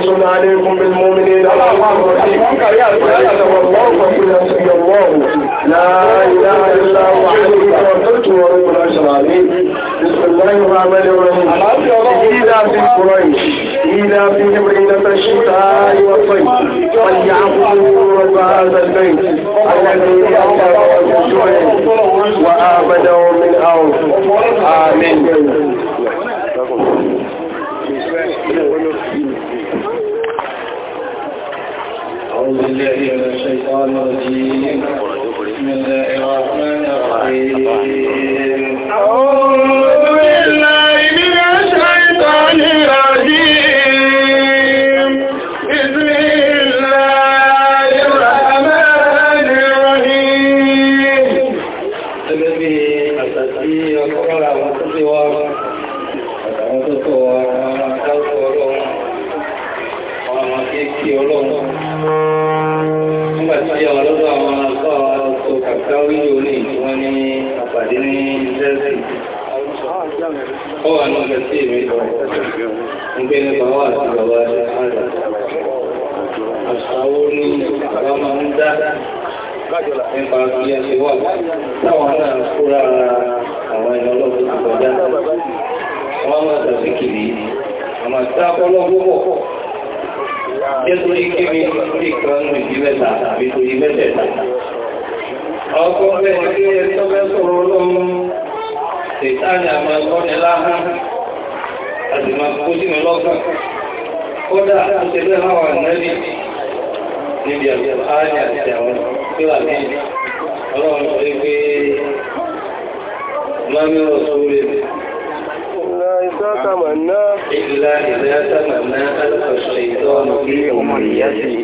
حريص عليكم بالمؤمنين الله لا اله الا الله وحده توكلت ورب العرش العظيم بسم الله الرحمن الرحيم الى في قريش الى فيهم جبريل الشتاء والصيف فليعبدوا رب هذا البيت الذي اكرم بالجوع وابدوا من اوف امين Thank you. أعوذ بالله من الشيطان الرجيم بسم الله الرحمن الرحيم ẹgbẹ́ nípa wà sí bàbá ṣe ààrẹ àṣàwó ní bàbá máa ń dá nípa bí a ṣe wà táwọn náà kúrò ara àwọn ẹ̀yọ́ lọ́pọ̀ ti kọjá wọ́n máa tàbí kìrì àmà sáàkọ́ lọ́pọ̀ jẹ́ torí kíbi ìkan ìdílẹ̀ tàbí torí mẹ́tẹ̀ẹ̀ta ọkọ̀ mẹ́rin tí ẹ àti máa kó sínú lọ́kàn kódà ó ṣe bẹ́ẹ̀ máa wà nẹ́bí níbi àárín àti àwọn pílà ní ọlọ́run sọ pé lámírọ̀ sórí إلا إذا تمنى ألف الشيطان في أمنيته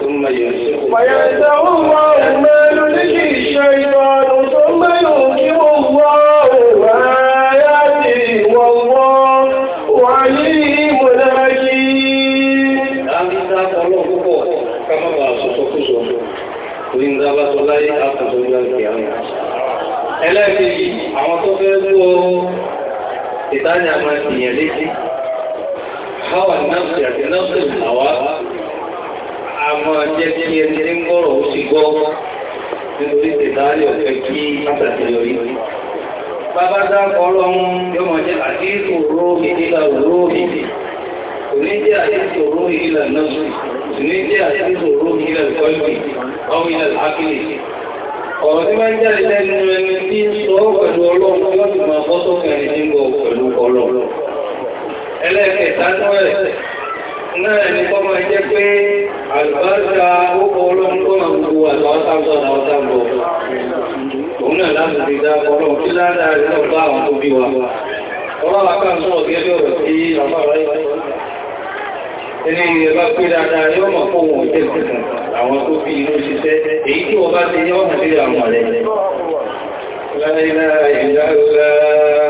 ثم يمسك فيدعو الله ما يلقي الشيطان ثم يوكبه bá sọ láyé àkùsọ ní láti àwọn ẹlẹ́ẹ̀kejì àwọn tó fẹ́ gbọ́ ìtajà máa tìyàn létí hawa náàfì àti náàfì àwá àmọ́ jẹ́ kí ẹni ní gbọ́rọ̀ ó sì gbọ́ nítorí tẹ̀dáálẹ̀ ọ̀fẹ́ kí àtàtẹ̀lọ́rí bàbá dákọ̀ ọlọ́run yóò mọ̀ jẹ́ àdíkù róòmì nílà róòmì kò ní jẹ́ àdíkù róòmì nílà náà kò ní jẹ́ àdíkù róòmì nílà kọ́lùmì ọmọ ilẹ̀ àkìlì ọ̀rọ̀ tí máa ń jáde lẹ́nu ẹni tí ń sọ pẹ̀lú ọlọ́run yóò sì máa bọ́ sókẹ̀rin nígbọ̀ pẹ̀lú ọlọ́run ẹlẹ́ẹ̀kẹta náà náà ni kọ́ máa jẹ́ pé àlùbáṣà ókọ ọlọ́run tó máa gbogbo àtàwọ́sàmọ́ àtàwọ́sàmọ́ òun náà láti ti dá ọlọ́run tí ládàá rẹ̀ náà bá àwọn tó bí wa ọlọ́run apá ń sọ̀rọ̀ gẹ́gẹ́ ọ̀rọ̀ sí àbára ẹni ìrẹ̀bá pé dáadáa yóò mọ̀ fóun ìjẹ́ ìjẹ́ àwọn tó fi inú ṣiṣẹ́ èyí tí wọ́n bá ti ní ọ̀nà sí àwọn ọ̀rẹ́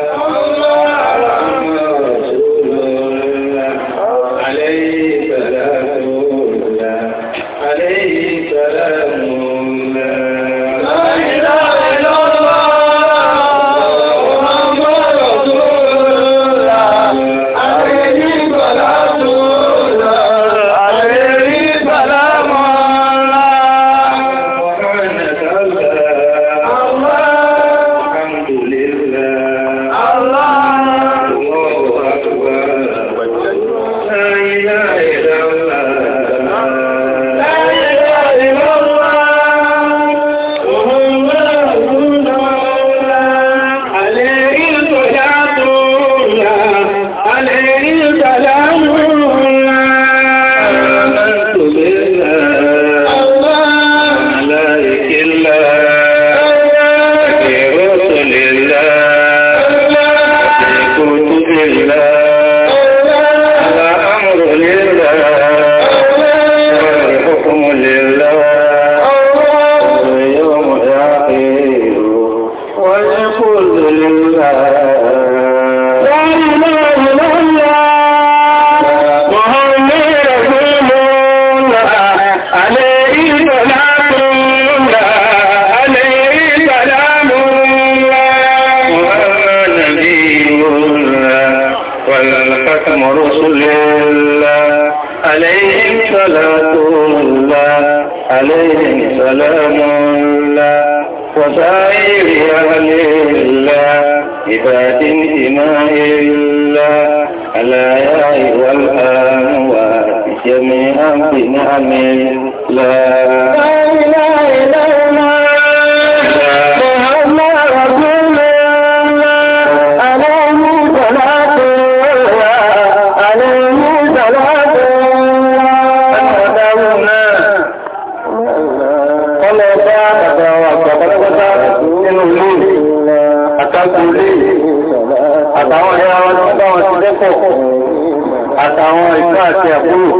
àwọn ìfẹ́ àti àkúrò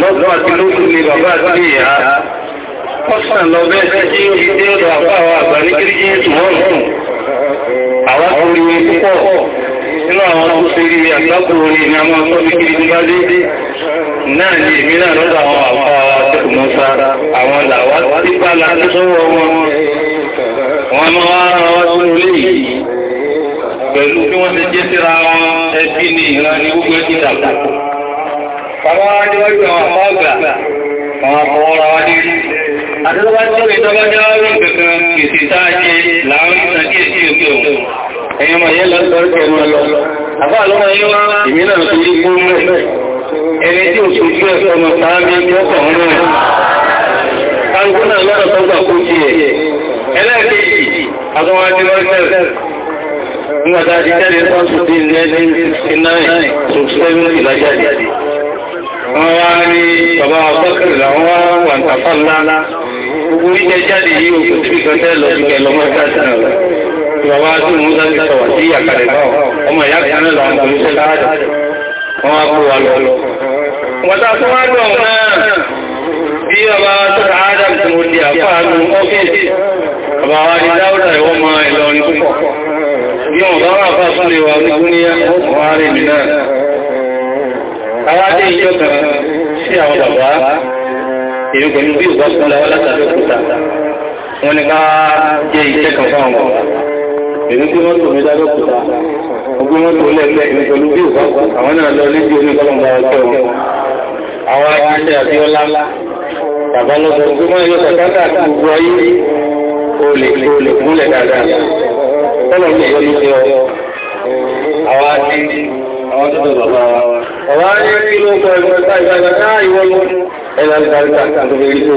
lọ́gbọ́n àti lókù ni bàbá àti ìyá ọ̀sán lọ bẹ́ẹ̀ tí ó ti dé ọ̀dọ̀ àpáwà àgbà ní kíríkí ìtùmọ́rùn àwọn orí púpọ̀ nínú àwọn tó ṣe rí àgbákò orí ni a máa tọ́ ní kíríkí bá dé náà ni èmi náà lọ́dọ̀ àwọn àpáwà àtẹ̀kùnmọ́sá àwọn làwá tí bá lásán sọ́wọ́ wọn wọn máa wá ara wá sínú léyìí pẹ̀lú bí wọ́n ṣe jẹ́ síra wọn ẹbí ní ìran ní gbogbo ẹbí dàpọ̀. Bàbá wá ní wájú àwọn àpáàgbà, àwọn àpọ̀wọ́ra wá ní rí. Àtẹ́lọ́bá tí ó ìtọ́bá jẹ́ ọrùn kankan kìtì táàjẹ láàrín ìsàkíyèsí òkè òun. Ẹ̀yin ọmọ yẹ́ lọ́sọ̀rọ̀ ẹ̀mọ́ lọ. Àbá àlọ́mọ yẹ́ wá ìmí náà torí fún mẹ́. Ẹni tí ò sojú ẹ̀sọ́ ọmọ sáámi tí ó kàn rẹ̀. Kálukú náà lọ́rọ̀ tọ́gbà kó tiẹ̀. Ẹlẹ́ẹ̀kejì, àtọwájú lọ́sẹ̀rẹ̀. Nígbàtá ti jáde fọ́sùdí lẹ́ni 69, 67 ìlàjáde. Wọ́n wá ní bàbá Abọ́kìrì làwọn wá wà ń tàfà ńlá. Gbogbo oríjẹ jáde yìí òkú tí kẹtẹ́ lọ sí kẹlọ mọ́sáṣà rẹ̀. Bàbá tí mú sáṣì sọ̀wà sí àkàrẹ̀ náà, ọmọ ìyá kan náà làwọn polúṣẹ́ láàdà. Wọ́n wá kó wa lọ. Wọ́n ta fún wá dùn náà bí ọba tó wa ni Dáúdà ìwọ́n mọ Ìlọrin púpọ̀ bí wọ́n bá wà fà fún lè wà ní gúníyà wọ́n rí mi náà awádé ìjọ kan sí àwọn bàbá èyí kò ní bí ìgbà fún lọ látàrí òkúta wọ́n ní ká jẹ́ iṣẹ́ kan fáwọn bàbá èyí tí wọ́n tó mi dá lọ́kùta ogún wọ́n tó lẹ́gbẹ́ èyí pẹ̀lú bí ìgbà àwọn náà lọ lébi oníkọlọmbà ọjọ́ àwọn aṣẹ́ àti ọlá kọ́lọ̀ ní ìyọ́nú sí ọ àwọn àti àwọn tó tó bàbá wa ọ̀wá ní kí ló kọ ẹgbẹ́ ìgbàgbà náà ìwọ́n ẹ̀lá ìgbàgbà tó fẹ́ rí tó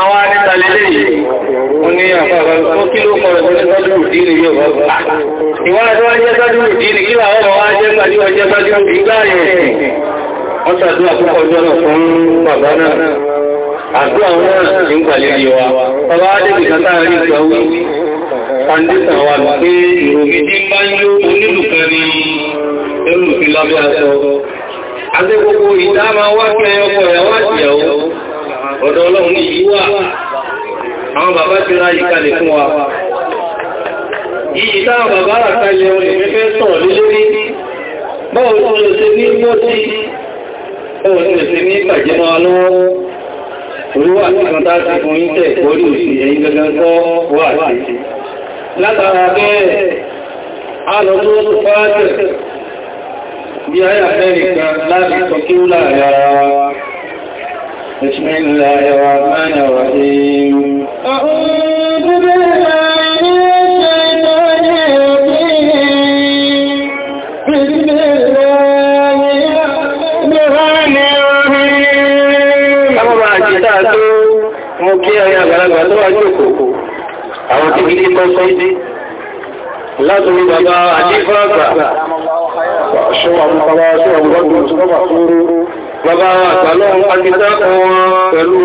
àwọn àtìtàlélé yìí wọ́n ní àpapọ̀ tó kí ló kọ ẹgbẹ́ sọ́dúrù dí ní yóò bọ́ ìwọ́n tó wá jẹ́ sọ́dúrù dí ní kílà ọmọ wá jẹ́ pàdé ọjẹ́ àti àwọn ọ̀rọ̀ ìgbàlẹ̀ yọ wa ọba adébì kátàrí ìgbà wí fàndísà wà pé ìròyìn tí bá ń yó onílùkan ní ẹlùfin lábẹ́ aṣọ àti gbogbo ìdáma wá kí ẹyọkọ̀ ìyàwó àtìyàwó ọ̀dọ̀ ọlọ́run ní yìí wà àwọn bàbá ti ra ìkalẹ̀ fún wa yìí táwọn bàbá rà kalẹ̀ ọ̀rẹ́ fẹ́ sọ̀rọ̀ lélẹ́rí báwọn ọ̀rẹ́ ṣe ní mọ́tí ọ̀rẹ́ ṣe ní ìbàjẹ́ máa orí wà kan táà sí fún ìtẹ̀ orí òsì ẹ̀yìn gangan kọ́ wà sí látara bẹ́ẹ̀ a lọ tó tó fáájẹ̀ bí ayà fẹ́rin kan láti sọ kí ó láàrin ara wa àgbàlagbà ló wà ní òkòkò àwọn tí gidi tó sọ sí látòrí bàbá àdífàgbà bàbá àgbà lọ́wọ́ pàtàkì wọn pẹ̀lú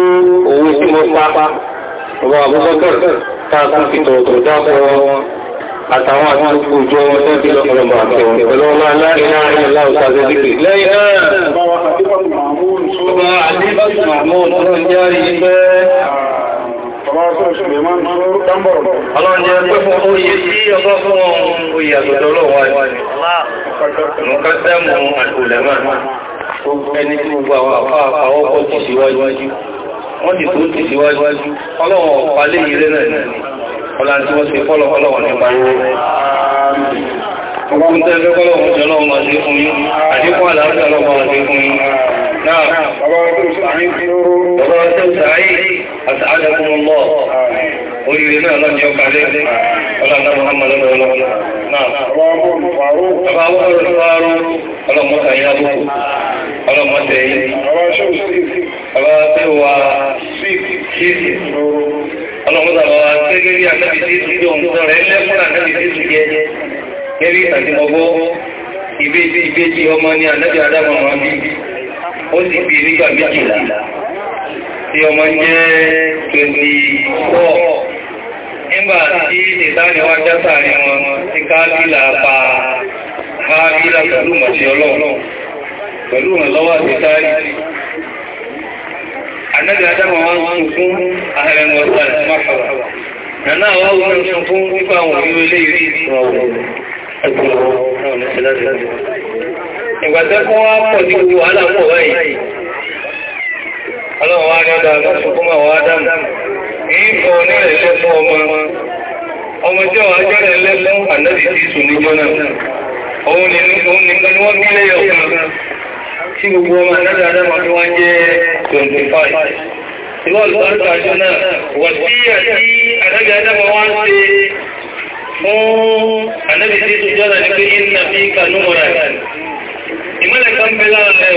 òun tí mo pápá bàbá àbúgbọ́kẹ̀rẹ̀ tààkùn fìtọ̀ tó dápọ̀ wọn àtàwọn àtúnkù jọ wọn tẹ́ bí lọ́pọ̀lọpọ̀ àtẹ̀wọ̀n pẹ̀lú ọmọ aláìlá ìlà òtàzẹ́ dìkì Ọlọ́run jẹ́ pé fún oyè tí ọgbọ́ fún oyè àtọ̀dọ̀ ọlọ́wọ́ àìsàn. Nǹkan tẹ́mù àtòlẹ̀mọ́. Ẹni tí gbogbo àwọn àpá àwọ́pọ̀ ti síwájú. Wọ́n ti tó ti síwájú. Ọlọ́run ọ̀pálé ìrẹ́ náà ni. Ọlá tí wọ́n ti fọ́lọ̀ ọlọ́wọ̀ nípa نعم رواه سعيد رواه سعيد أسعدكم الله قولي لنا الله يشوف عليك ولا أن محمد رسول الله نعم رواه الفاروق رواه الفاروق اللهم سيابه اللهم سيابه رواه شوسيف رواه سيوا سيف اللهم سيابه سيجري عن نبي سيف سيدهم سورين لكم عن نبي سيف سيجري كيف يتعلم أبوه ìbéjì ọmọ ni ànábì adámọ̀ wọn bí ó sì bí nígbà méjìlá tí ọmọ jẹ́ 24 nígbà tí ìtàníwá jásà ní wọn ti káàkìlà pa káàkìlà pẹ̀lú mọ̀sí ọlọ́run pẹ̀lú ìrànlọ́wọ́ àti táàrí Ànábì Adámọ̀ wọn ń fún ààrẹ mọ̀sá àti máfàwà. Nàná àwọn ohun ń fún nípa ìgbàtẹ́ fún wá pọ̀ ní gbogbo wàhálà mọ̀ báyìí ọlọ́wọ́ wá ní ọdá lọ́sùnkúnmọ̀ wá dámù èyí fọ́ ní ẹ̀lẹ́ fún ọmọ ọmọ tí ọwọ́ ajọ́rẹ̀ lẹ́fún ànábì tí sùn ní jọ́nà òun ni wọ́n bí lẹ́yọ̀ kan tí gbogbo ọmọ anábì adámọ̀ tí wọ́n jẹ́ 25 ìwọ́n lọ́rọ̀ àjọ náà wà sí fún ànábì tí jọ́nà ní pé ìnà bí kanúmọ̀ràn ìmọ́lẹ̀ kan bẹ lára rẹ̀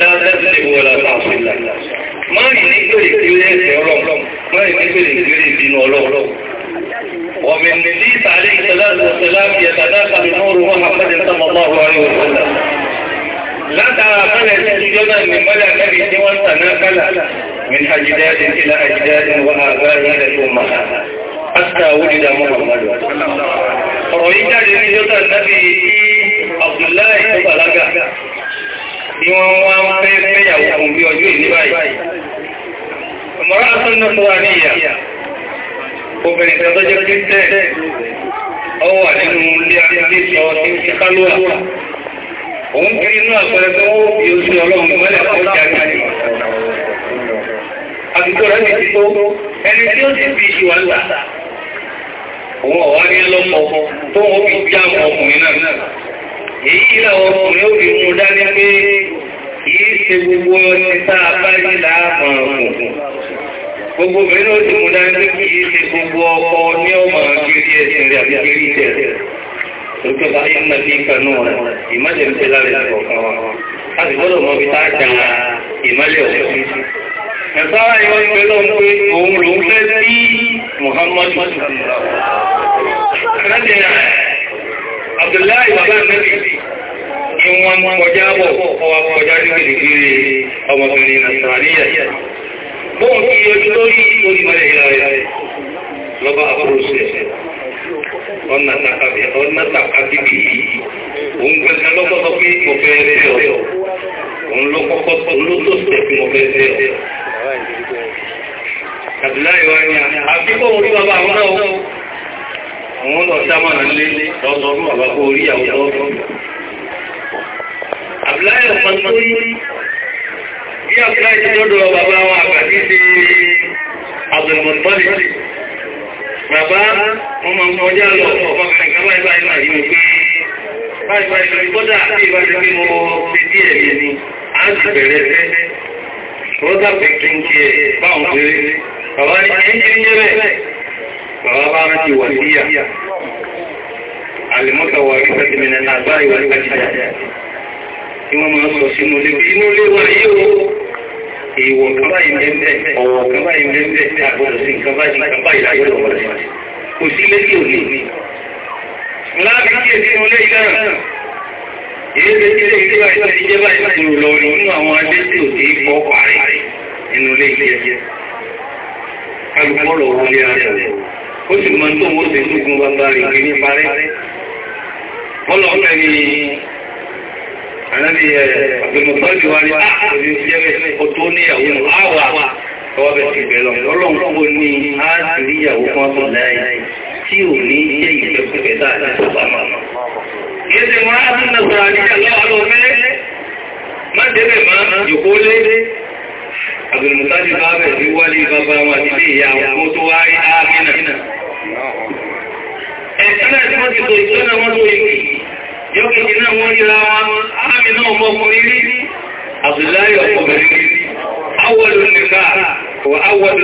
láàrín ìdìbò ọ̀làpá àfìlà. Mọ́rin ní pèrè kí ó ẹ̀ẹ̀fẹ̀ ọlọ́run, mọ́rin ní pèrè kí ó lè bínú ومن نبيس عليه الصلاة والسلام يتدافع نور محمد صلى الله عليه وسلم látara mọ́lẹ̀ tí jọ́nà ní mọ́lẹ̀ kẹ́bí tí wọ́n tàná kálà min hajjidájin ila àtà òdìdà Muhammadu ọ̀rọ̀ yìí jáde ní jọ́ta tàbí tí Abdullahi tó bàlágà ni wọ́n wá ń fẹ́ fẹ́yàwó fún bí ọjọ́ ìní báyìí ọmọrá àtúnnà tó wà níyà obìnrin tó jẹ́ kíntẹ́ ọwọ́ wà nínú ilé àríṣọ́ tí ń fi kálúwà òun kiri inú àpẹẹrẹ tó ó bí ó ọlọ́run mẹ́lẹ̀ fún jáde àdúgbò rẹ̀ òun ọ̀wá ní ẹlọ́pọ̀ tó wọ́n fi já àwọn ọkùnrin náà èyí làwọn ọkùnrin ó fi mú dání pé kìí ṣe gbogbo ọtí tá a bá ní láàmà òkùnkùn gbogbo mìíràn ó ti mú dání pé kìí ṣe gbogbo ọkọ ní ọmọ kiri ẹ̀ ẹ̀sára ìwọ́n pẹ̀lú òun pé òun lòún fẹ́ sí Muhammadu àtàlẹ́jẹ̀ rẹ̀ Abdullahi bàbá mẹ́rin ni wọ́n mú orí bàbá àwọn náà àwọn lọ sámàrà lé lọ́sọ fún bàbá kó orí àwọn ọ̀tọ́. Àbúláyé ọ̀kan tó rí bí àbúláyé ti lọ́dọ̀ bàbá wọn àgbà ní ṣe àbẹ̀mọ̀tọ́lẹ̀. Bàbá wọn máa ń kọjá lọ ọmọkùnrin kan báyìí báyìí báyìí mo pé báyìí báyìí lórí kọ́dà àti ìbáṣe pé mo ṣe díẹ̀ mi ni a ti bẹ̀rẹ̀ fẹ́. Rọ́dà pé kí kí ẹ báwọn péré. Bàbá ní kí n jẹ́ bẹ́ẹ̀. فغبارة وسية المتوارثة من الآباء والأجداد ìwọ̀n máa sọ sínú lé inú lé wà yíò ìwọ̀n kọba ìmẹ́mẹ́ ọ̀wọ̀ kọba ìmẹ́mẹ́ àgbọ̀dọ̀ sí kọba ìkọba ìlàyé lọ́wọ́ rẹ̀ kò sí méjì òní láàrín kí èsì inú lé ìdára èyí lè kéré ìdíwà ìdára ìjẹba ìdára ìrọ̀lọ́ nínú àwọn adé tí ò tí kọ́ parí inú lé ìjẹ́ ó sì mọ́ tó wọ́n tẹ̀sí gun bàbá rẹ̀ kì ní parẹ́. wọ́n lọ fẹ́ ni ànábì àgbẹ̀mọ̀tọ́jú wa rí àkọ̀bí jẹ́rẹ̀ ọ̀tọ́ níyàwó nù áwà ah, ọwọ́ bẹ̀ ti bẹ̀rẹ̀ ọlọ́run kò ní á sì ríyàwó kan tó láyé tí ò ní jẹ́ ìgbẹ́kùnfẹ́ tá a ti sọ bàmà. Yéṣe wọn á tún nà àdíjà lọ́wọ́ lọ́wọ́ mẹ́lẹ́. Àbìlùmùtálì bá bẹ̀ sí wálé bàbá wọn àti sí ìyá àwọn ọmọ tó wá rí ààbínà. Ẹ̀sánà tí wọ́n ti tó ìtọ́nà wọn tó ìrìn, yóò kìí náà wọ́n yíra wọn, ààbínà ọmọkùnrin rí, rí, áwọ̀lù nìkà, wà áwọ̀lù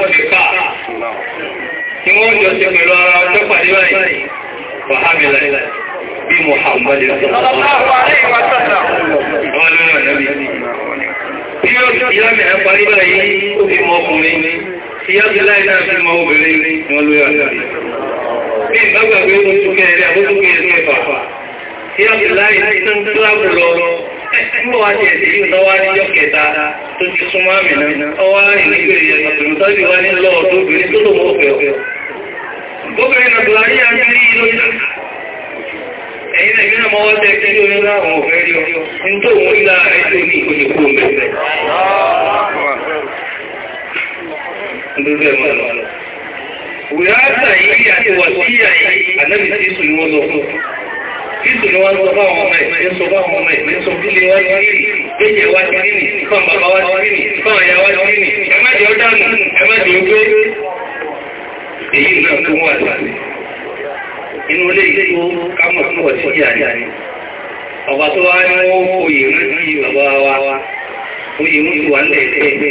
mẹ́rin parí mọ ọkùnrin tí yá bí láì náà fi mọ obìnrin wọn ló yàtọ̀ bí ìgbàgbàgbé oṣùkẹ́ rẹ̀ àbójúkẹ́ rẹ̀ fàfà tí yá bí láì tó ń kíláàbù lọ Nígbà wá ti ẹ̀sì yìí tọ́wá ní ọjọ́ kẹta tó ti súnmọ́ àmìnà, ọwá ìlúgbè ìyàtọ̀lù tọ́jú wá ní lọ́ọ̀dọ́ obìnrin tó lò mọ́ ọ̀fẹ́ ọ̀fẹ́. Gómìnà Bùhárí àti rí ìlú ìlú ẹ̀yìn ẹ̀mí náà mọ́wọ́ tẹ́ kí ló nílá àwọn ọ̀fẹ́ rí ọ lórí ẹ̀mọ́ lọ. Wìrátà yìí àti wàsíyà yìí ànábì sí ìsù ni wọ́n lọ fún. Ìsù ni wọ́n sọ bá ọmọ ẹ̀, ń sọ bá ọmọ ẹ̀, ń sọ bílé wá sí rírì, gbéjẹ wá sí rírì, fún bàbá wá sí rírì, fún àyà wá sí rírì, ẹ má jẹ́ ó ẹ má jẹ́ ó Èyí náà tó wà láti. Inú ilé ìgbó kámọ̀ tó wọ̀ sí ìyá rẹ̀. Ọ̀pá tó wá ní wọ́n oyè mú sí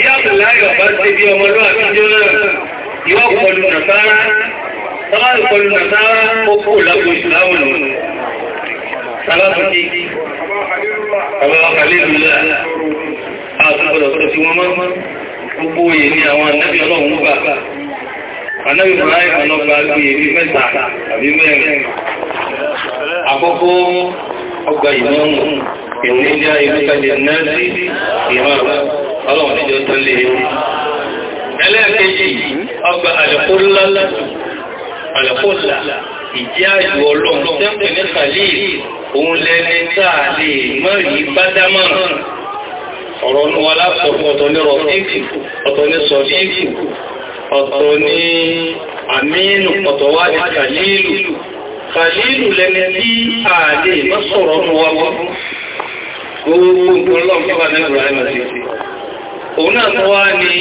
Bí àbẹ̀láyọ̀ bá ti bí ọmọlúwàbí jẹ́ náà, yóò kọlu nàtàrà, tọ́lá ìkọlu nàtàrà ó kò lágbo ìsìláwò nù. Sálábùkí, bàbá wa kàlébù lẹ́la, àtúbọ̀dọ̀ tó ti wọ́n mọ́, gbogbo oyè ni àwọn ànábì ọlọ́run gbà. Ànábì Ibrahim ọlọ́gbà gbìyè bí mẹ́ta àbí mẹ́rin. Àkọ́kọ́ ọgbà ìmọ̀ ìrìnlẹ́ ìlú kalẹ̀ náà sí ìmọ̀ ọlọ́run níjọ tó lè e. ẹlẹ́ẹ̀kejì ọgbà àlẹ́kólá àlẹ́kólá ìjẹ́ àjò ọlọ́run tẹ́pẹ̀ ní kàlíì òun lẹ́ni táà lè mọ́rí bádámọ̀ràn ọ̀rọ̀ ní wọ́n lápọ̀pọ̀ ọ̀tọ̀ ní rọ̀tífì ọ̀tọ̀ ní sọ̀tífì ọ̀tọ̀ ní àmínù ọ̀tọ̀ wá ní kàlílù òun náà tó wá ní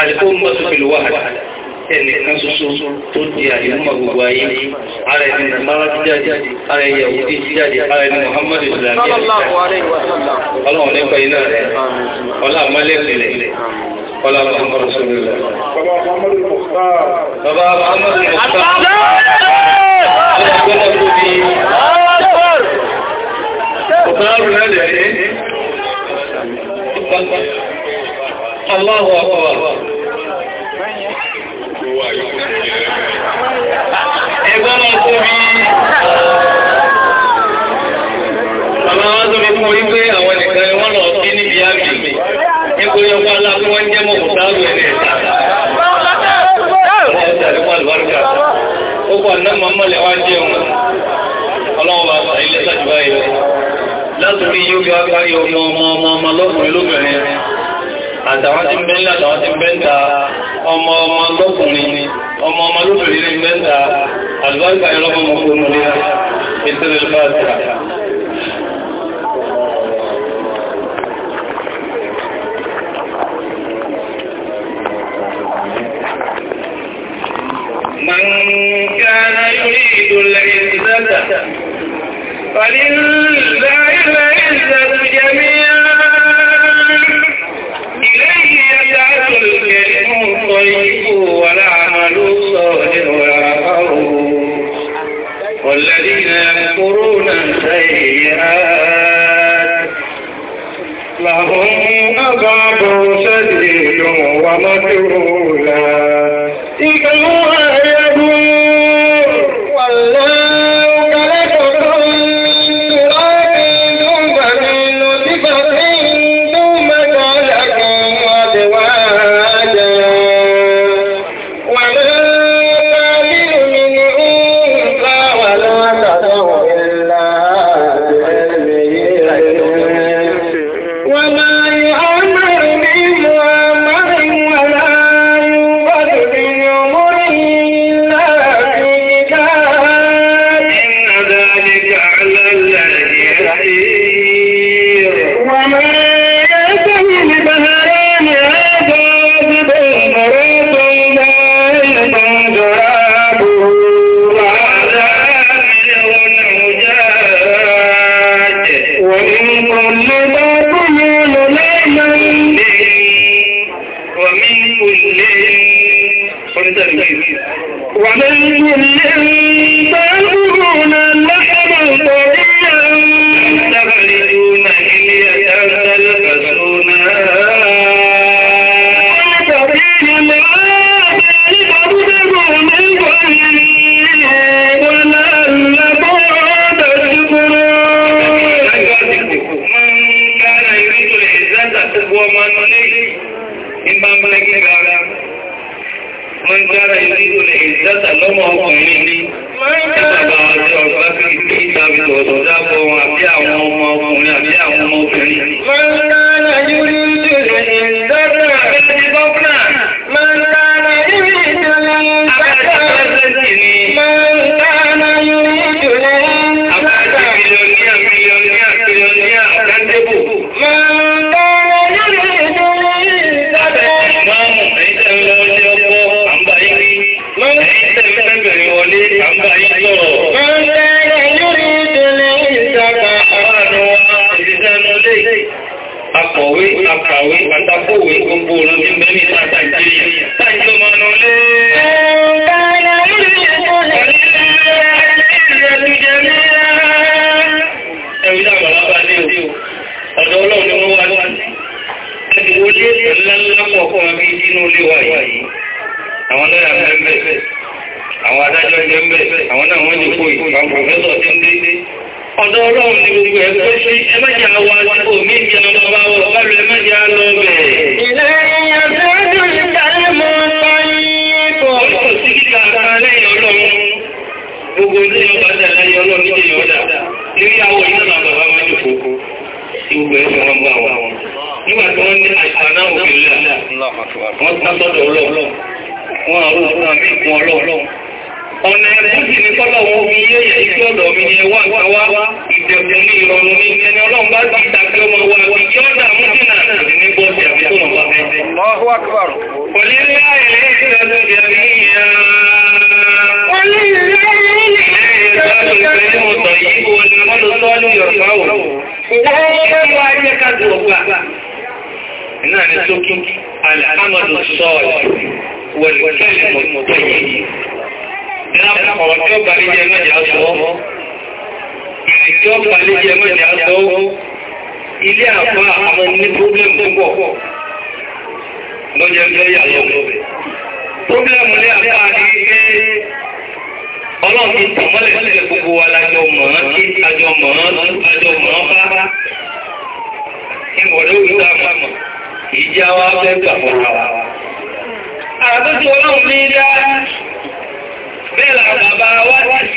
àlìkóhùnmọ́ tó pẹ̀lú wáhàdà ẹnìkan ṣoṣo tó di àyíkọ́ gbogbo ayé ara ẹni nàmàrà ti jáde ara ẹyàwó ti jáde ara ẹni Muhammadu Islami ọlọ́run nípa iná rẹ̀ ọlá àmọ́lẹ́pẹ̀lẹ̀ ọlá Muhammadu Aláwọ̀ ọ̀pọ̀. Ẹgbọ́n náà tó bí uh, ọ̀nà wọ́n tó bí fún orí pé àwọn nìkan ni wọ́n lọ sí níbi ágbègbè. Nítorí ọkọ̀ aláàfin wọ́n jẹ́ mọ̀ mùsáàlù ẹni ẹ̀ta. Wọ́n tàbí wọ́n lọ́rùkà. Ó pọ̀ náà mọ́mọ́lẹ̀ wá jẹun. torí yóò fi agbárí ọmọ ọmọ ọmọ ọmọ lọ́kùnrin lóbìnrin àtàwọn tí ń bẹ́ ńlá àtàwọn tí ń bẹ́ ń ta ọmọ ọmọ lọ́kùnrin ni ọmọ ọmọ lóbìnrin ní bẹ́ ń ta من كان يريد العزة فلله العزة جميعا إليه يجعل الكلم الطيب والعمل الصالح والعقر والذين يذكرون السيئات لهم أبعد شديد ومكرولا إذا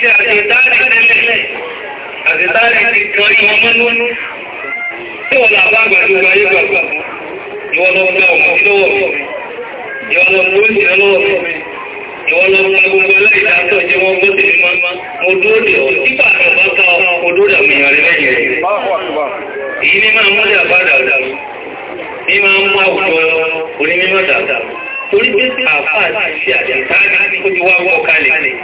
ṣe àṣẹ̀dáàrí tẹ́lẹ̀ àṣẹ̀dáàrí ti kan ìwọ mọ́nú tí wọ́n làbá àgbàdo ayé gbàgbà ìwọ lọ gba ọmọ lọ́wọ́ ìwọ lọ mú oúnjẹ lọ́wọ́ ìwọ àfáà ti ṣe àṣẹ̀dáàrí tó ti wá wọ́ kalẹ̀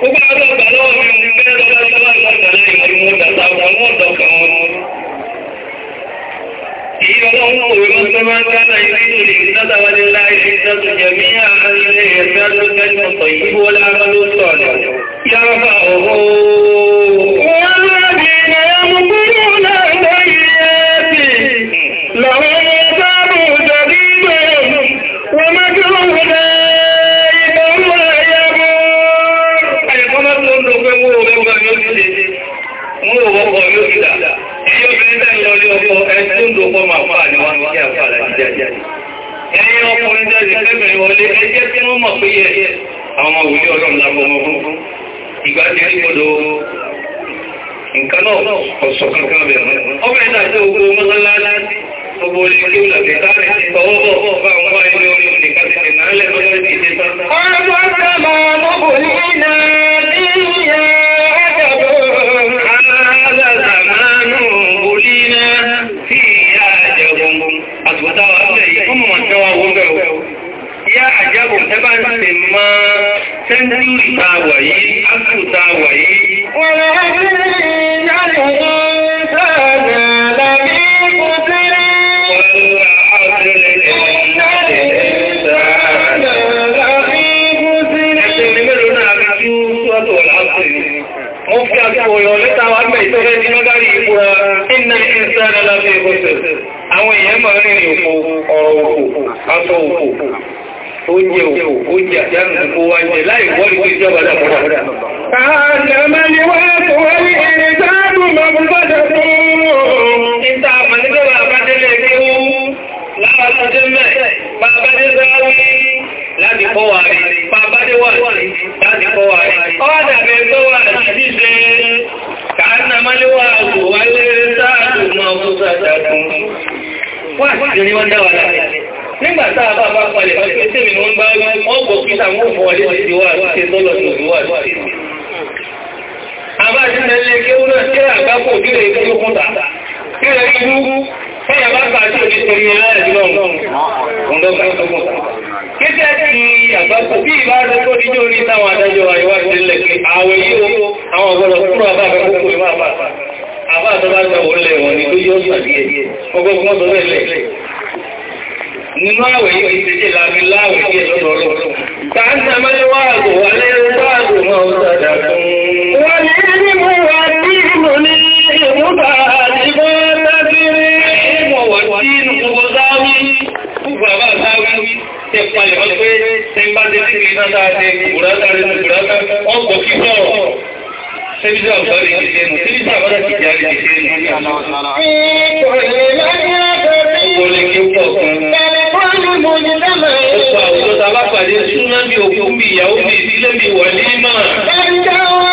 Gbogbo àwọn ọgbà lọ́wọ́ mi ní bẹ́ẹ̀ lọ́wọ́ lọ́wọ́ ìwọ̀n ìgbàlá ìwọ̀n ìwọ̀n ìdàtà àwọn ọmọ ọ̀dọ̀ kan wọn. Èyí ọlọ́run òwe mọ́ tó máa ń dáná ilé ìlú ìdáta wa ní láì fi dájú jẹ̀mí àárín ẹ̀dá tó tẹ́lẹ̀ ọ̀tọ̀ bá ọ̀rọ̀ orí ẹ̀ àwọn ọmọ ọlọ́run lábọ́ ọmọ fúnfún ìgbà tí rí nǹkan náà ọ̀sọ̀ kankan bẹ̀rẹ̀ ọmọ ẹ̀ náà tó gbogbo mọ́sánlá láti gbogbo olè ilé kéwú náà tí rà gbá kò dílé ìtẹ́ ló kún tàà. Kí rẹ̀ rí gúgú, fẹ́yà bá kà sí òjì tẹ̀lé ní láàrẹ̀ jùlọ Kíkẹ́ ti àgbàkò bí ìbá rẹ̀ tó díjò ní táwọn adájọ́ àríwá ìdílẹ̀ kí àwẹ̀ yíò àwọn ọ̀gọ́lọ̀ fún àbá àbẹ́kókò ìwà àbá àbá àtọ́bá gbà wọ́n lẹ̀ wọ́n ni tó yóò sàdíẹ̀ ọgbọ́gbọ́n tó lẹ́lẹ̀ nínú àwẹ̀ yìí ti jẹ́ láàrin láàrin yìí lọ́dọ̀ọ́lọ́ palẹ̀ wọ́n pé tẹ́mbá dé sí ìrìnà dáadé bùrátà rẹ̀ ní bùrátà wọ́n kò kí sọ̀rọ̀ sẹ́bíjà ọ̀sọ́rẹ̀ ìdíje nù sẹ́bíjà ọ̀sọ́rẹ̀ ìdíje nù sẹ́bíjà ọ̀sọ́rẹ̀ ìdíje nù sẹ́bíjà ọ̀sọ́rẹ̀ ìdíje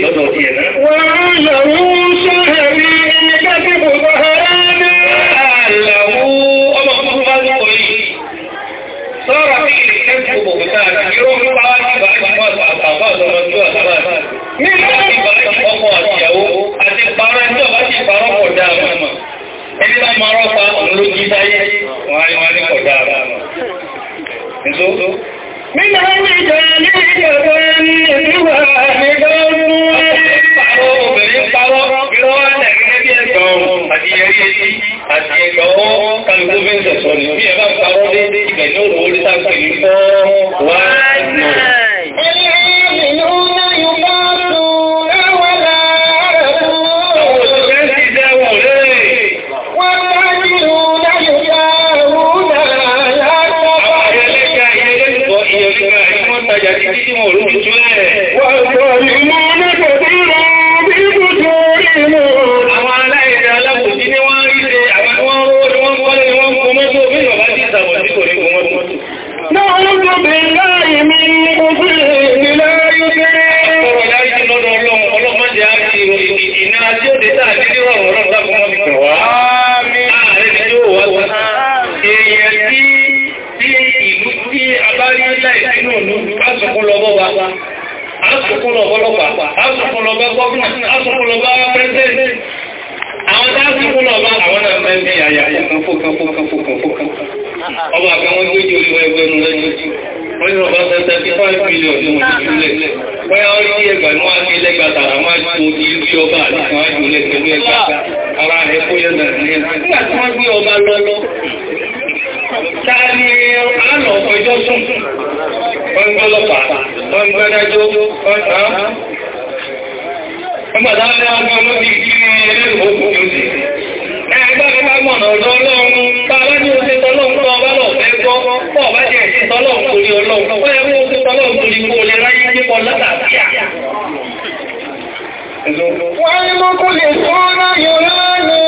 lọ́dọ̀ ti ẹ̀ náà. Wọ́n lọ́wọ́ sọ́hẹ̀rí ní kákẹ́kọ̀ọ́ 35 million ní mo ti jùlẹ̀. Wọ́n yá orí ẹgbẹ̀rún wá sí ẹlẹ́gbà tààrà máa ń tó di ilé ọba àti máa jùlẹ̀ pẹ̀lú ẹgbà ara rẹ̀ kó yẹ Nígbà tí wọ́n gbé ọba lọ lọ, táà ni alọ̀ ọ̀pọ̀ ìjọ sùn, wọ́n ń gbọ́lọ́pàá, wọ́n ń gbẹ́dájọ́, wọ́n ń tàn án pọ̀ bá jẹ́ ẹ̀sìn tọ́lọ́run torí ọlọ́run wọ́n yẹ kó tọ́lọ́run torí kó lè ráyé nípa ọlọ́tàbíà. Wọ́n ní mọ́kúlẹ̀ sọ́ọ́rọ̀ yóò rán ní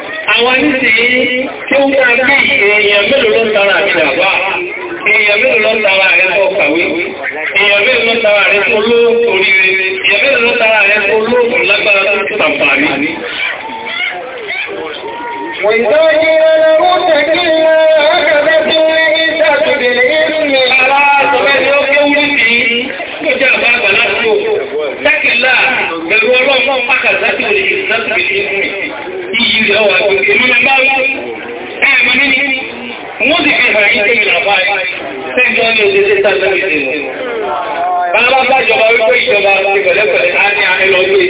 àwọn ìsìn tí ó máa bí èèyàn mélòó ló tara àti àbá èèyàn mélòó ló tara rẹ̀ tó kàwé èèyàn mélòó ló tara rẹ̀ tó lóòkù oríire èèyàn mélòó ló tara rẹ̀ tó lóòkù lágbára tó ti tàǹfààní وَإِذَا لَهُ تَكِيلًا أَكَبَتْ لَإِسَةُ بِالْإِذْنِ iyì rẹ̀ ọwà tó èmi lẹ bá rí ẹ̀mọ̀ nínú wọ́n sì fi hàn yín tẹ́mi làbá tẹ́jọ́ ní òṣèṣẹ́ sáàtẹ́mì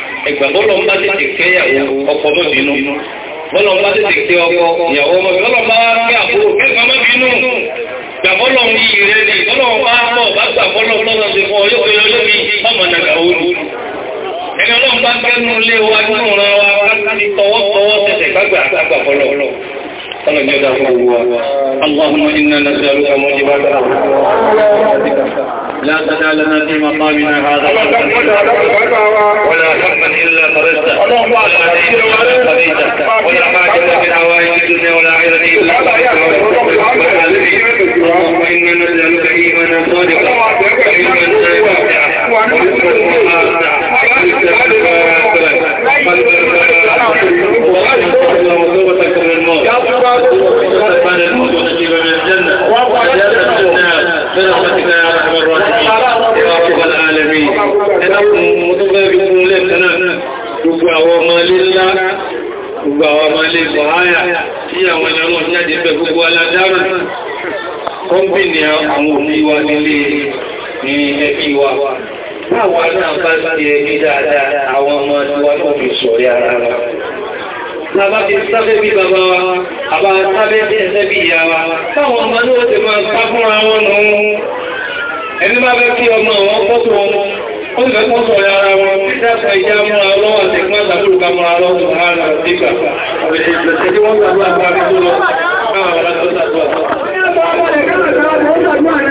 ìgbà bọ́lọ̀ ń bá tètè fẹ́ ìyàwó ọkọ mọ́ bínú bọ́lọ̀ ń bá tètè fẹ́ ọkọ ìyàwó ọmọ bínú bọ́lọ̀ bá fẹ́ àbúrò mẹ́fà mọ́ bínú gbàbọ́lọ̀ ń yìí rẹ̀ ní bọ́lọ̀ bá pọ̀ bá gbà bọ́lọ̀ lọ́nà ti fọ́ yóò fi olómi ọmọ nàgà olú ẹni ọlọ́run bá gbẹ́nu lé wa nínú ra wa لا تدع لنا في مقامنا هذا ولا هم إلا فرجته ولا دين إلا قضيته ولا حاجة من عوائد الدنيا ولا عيرة إلا اللهم إنا نسألك إيمانا صادقا وإيمانا نافعا وإيمانا محاسعا وقوتك من الموت وقوتك من الموت ونجيب من الجنة وجاء الجنة برحمتك يا رحم الراحمين يا رب العالمين ẹnàkùn mọ́tọ́gbẹ́bìkún lẹ́kànnà gbogbo àwọn ọmọ ilé ńlá gbogbo àwọn ọmọ ilé bọ̀háyà tí àwọn ẹ̀rọ jáde pẹ̀ gbogbo aládára kọ́mbìnì àwọn òní wa nílé ní ẹbí wa táwọn náà wọ́n tó fi sọ̀rí ara wọn Nàbá ti sábẹ́ bí bàbá wa, àbá sábẹ́ bí ẹ̀sẹ́ bí ìyá wa, táwọn ọmọ ní ó ti máa sá fúnra wọn nù ún. Ẹni bá bẹ́ kí ọmọ àwọn pọ́tò wọn, ó ti fẹ́ pọ́tò ọ̀yà ara wọn, dákà ìjà múra lọ́wọ́ àti ìpínlẹ̀ àtàlùkà múra lọ́wọ́ àrà sígbà. Ìgbẹ̀sẹ̀